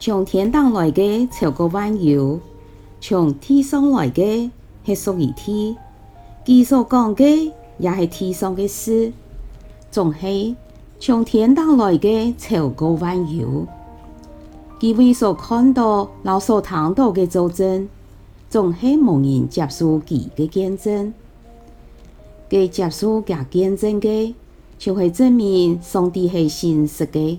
從天堂來嘅超過萬有，從天上來嘅係屬於天，佢所講嘅也係天上嘅事。總係從天堂來嘅超過萬有，佢會所看到所聽到嘅周證，總係無人接受佢嘅見證。佢接受加見證嘅，就會證明上帝係真實嘅。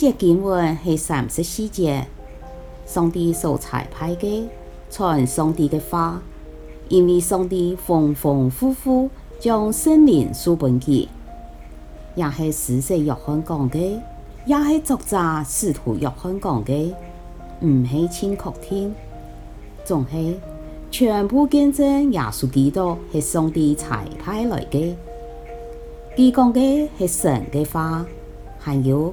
這經文是三十四節，上帝所差派的，傳上帝嘅話，因為上帝風風火火將聖靈書本給，也是施洗約翰講嘅，也是作者使徒約翰講嘅，唔、嗯、係清楚聽。總係全部見證耶穌基督係上帝差派來的，佢講嘅是神的話，還有。